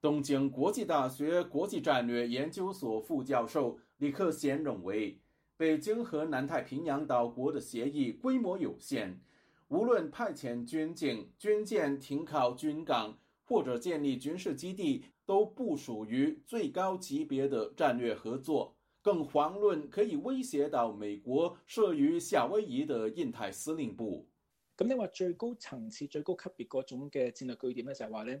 東京國際大學國際戰略研究所副教授李克賢認為，北京和南太平洋島國的協議規模有限，無論派遣軍警、軍艦停靠軍港或者建立軍事基地，都不屬於最高級別的戰略合作，更遑論可以威脅到美國設於夏威夷的印太司令部。咁你話最高層次、最高級別嗰種嘅戰略據點咧，就係話咧。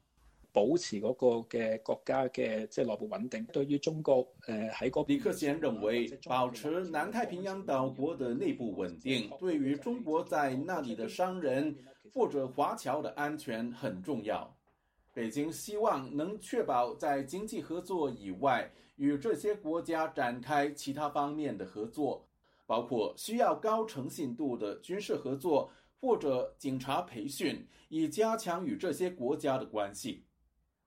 保持嗰個嘅國家嘅即係內部穩定，對於中國誒喺嗰個。李克森認為，保持南太平洋島國的內部穩定，對於中國在那裏的商人或者華僑的安全很重要。北京希望能確保在經濟合作以外，與這些國家展開其他方面的合作，包括需要高誠信度的軍事合作或者警察培訓，以加強與這些國家的關係。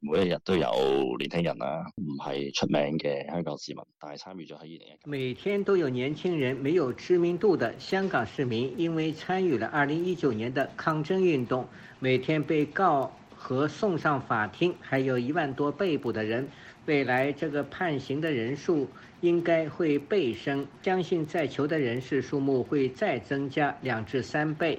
每一日都有年輕人啊，唔係出名嘅香港市民，但係參與咗喺二零一九年。每天都有年輕人，沒有知名度的香港市民，因為參與了二零一九年的抗爭運動，每天被告和送上法庭，還有一萬多被捕的人。未來這個判刑的人數應該會倍升，相信在囚的人士數目會再增加兩至三倍。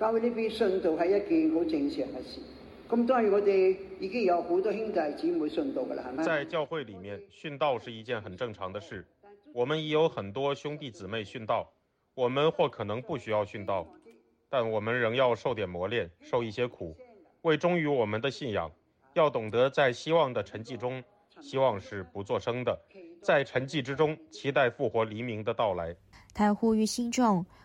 教會裏面殉道係一件好正常嘅事，咁我哋已經有好多兄弟姊妹殉道嘅啦，係咪？在教會裏面，殉道是一件很正常的事。我們已有很多兄弟姊妹殉道，我們或可能不需要殉道，但我們仍要受點磨練，受一些苦，為忠於我們的信仰，要懂得在希望的沉寂中，希望是不作聲的，在沉寂之中期待復活黎明的到來。他呼籲信眾。